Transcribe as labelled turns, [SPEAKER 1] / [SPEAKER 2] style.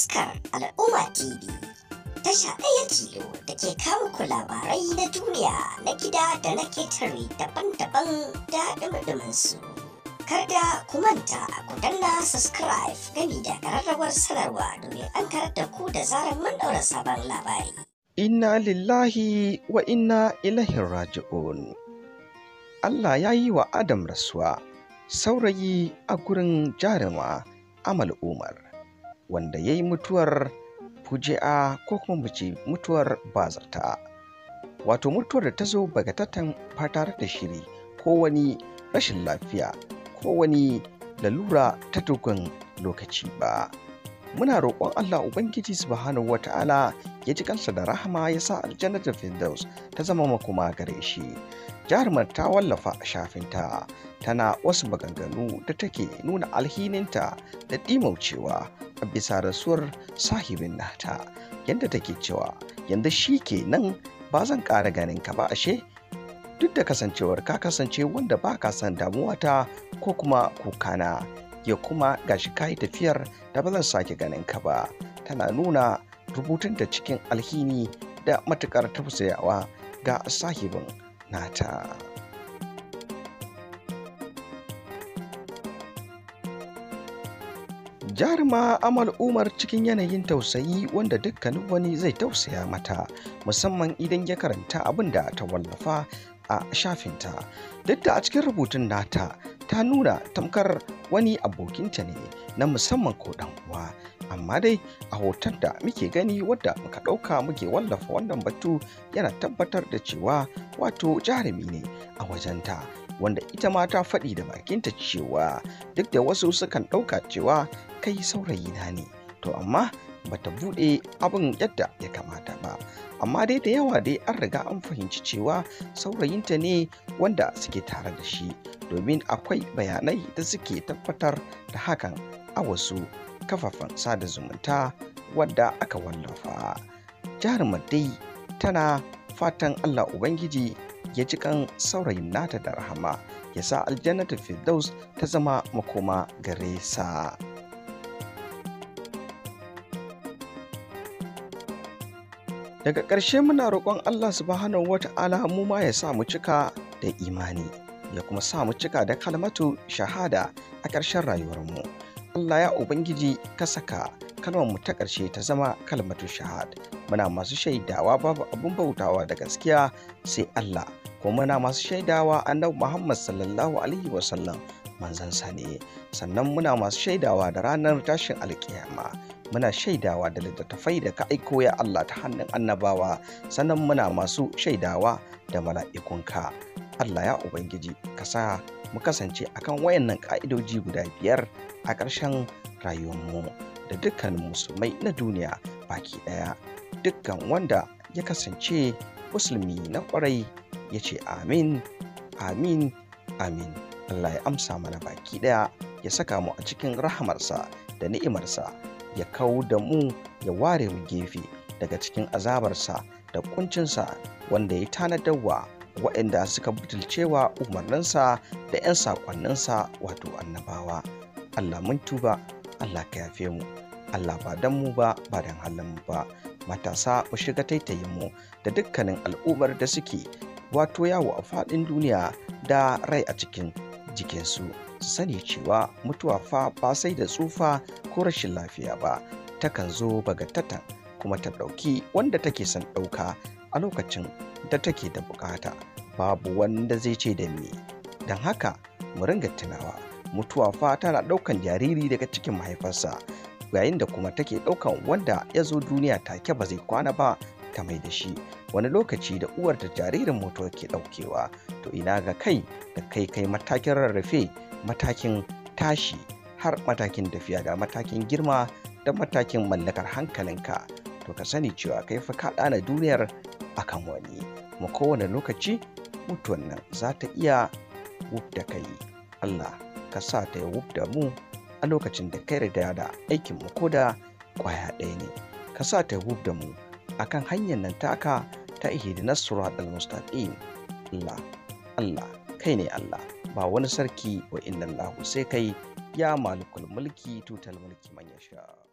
[SPEAKER 1] taskar al'umma tv tasha ɗaya tilo da ke kawo ku labarai na duniya na gida da na ketare daban-daban da ɗumɗumin su kada ku manta ku danna subscribe gami da ƙararrawar sanarwa domin an karar da ku da zarar mun ɗaura sabon labari inna lillahi wa inna ilahin raji'un Allah ya yi wa Adam rasuwa saurayi a gurin jarima Amal Umar. wanda ya yi mutuwar fuji'a ko kuma mace mutuwar bazarta wato mutuwar da ta zo baga tattan da shiri ko wani rashin lafiya ko wani lalura ta dogon lokaci ba muna roƙon Allah Ubangiji subhanahu wa ta'ala ya ji kansa da rahama ya sa da Firdaus ta zama makoma gare shi. Jarumar ta wallafa a shafinta tana wasu maganganu da take nuna alhininta da ɗimaucewa a bisa rasuwar sahibin nata yadda take cewa yanda shi ke nan ba zan ƙara ganin ka ba ashe duk da kasancewar ka kasance wanda ba ka san damuwata ko kuma kukana ya kuma gashi kayi tafiyar da ba zan sake ganin ka ba tana nuna da cikin alhini da matukar tausayawa ga sahibin nata jaruma amal umar cikin yanayin tausayi wanda dukkanin wani zai tausaya mata musamman idan ya karanta abin da ta wallafa a shafinta duk da a cikin rubutun nata ta nuna tamkar wani abokinta ne na musamman ko dan uwa amma dai a hoton da muke gani wadda muka ɗauka muke wallafa wannan batu yana tabbatar da cewa wato jarumi ne a wajenta wanda ita ma ta faɗi da bakinta cewa duk da wasu sukan ɗauka cewa kai saurayi na ne to amma bata buɗe abin yadda ya kamata ba amma dai da yawa dai an riga an fahimci cewa saurayinta ne wanda suke tare da shi domin akwai bayanai da suke tabbatar da hakan a wasu kafafen sada zumunta wadda aka wallafa jarumar dai tana fatan allah ubangiji ya ji kan saurayin nata da rahama ya sa da firdaus ta zama makoma gare sa. daga ƙarshe muna roƙon Allah subhanahu ta'ala mu ma ya sa mu cika da imani ya kuma sa mu cika da kalmatu shahada a ƙarshen rayuwarmu Allah ya ubangiji ka saka kalmar mu ta ƙarshe ta zama kalmatu shahada. muna masu shaidawa babu abun bautawa da gaskiya sai Allah kuma muna masu shaidawa annabi Muhammad sallallahu alaihi wa sallam. manzon ne sannan muna masu shaidawa da ranar tashin alkiyama muna shaidawa da littattafai da ka aiko ya Allah ta hannun annabawa sannan muna masu shaidawa da mala'ikunka Allah ya Ubangiji ka sa mu kasance akan wayannan ka'idoji guda biyar a ƙarshen rayuwarmu da dukkan musulmai na duniya baki ɗaya dukkan wanda ya kasance musulmi na ƙwarai ya ce amin amin amin Allah ya amsa mana baki ɗaya ya saka mu a cikin rahamarsa da ni'imarsa ya kawo da mu ya ware mu gefe daga cikin azabarsa da kuncinsa wanda ya tanadarwa waɗanda suka butulcewa umarninsa da 'yan saƙonninsa wato annabawa Allah mun tuba Allah ka yafe mu Allah ba dan mu ba ba dan halin mu ba matasa ku shiga taitayin mu da dukkanin al'ummar da suke wato yawo a faɗin duniya da rai a cikin jikinsu su sani cewa mutuwa fa ba sai da tsufa ko rashin lafiya ba takan zo baga bagatatan kuma ta ɗauki wanda take son ɗauka a lokacin da take da bukata babu wanda zai ce da me don haka mu ringa tunawa mutuwa fa tana ɗaukan jariri daga cikin mahaifarsa yayin da kuma take ɗaukan wanda ya zo duniya take ba zai kwana ba ka mai da shi wani lokaci da uwar da jaririn mutuwa ke ɗaukewa to ina ga kai da kai kai matakin rarrafe matakin tashi har matakin tafiya da matakin girma da matakin mallakar hankalinka to ka sani cewa kai fa ka ɗana duniyar akan wani mu kowane lokaci mutuwan nan za ta iya wuf da kai Allah ka sa ta yi wuf da mu a lokacin da kai da aikin mu ko da kwaya ɗaya ne ka sa ta yi wuf da mu akan hanyar nan taka ta ihdina al mustaqim Allah Allah kai ne Allah ba wani sarki wa inna Allah sai kai ya malikul mulki tutal mulki man sha.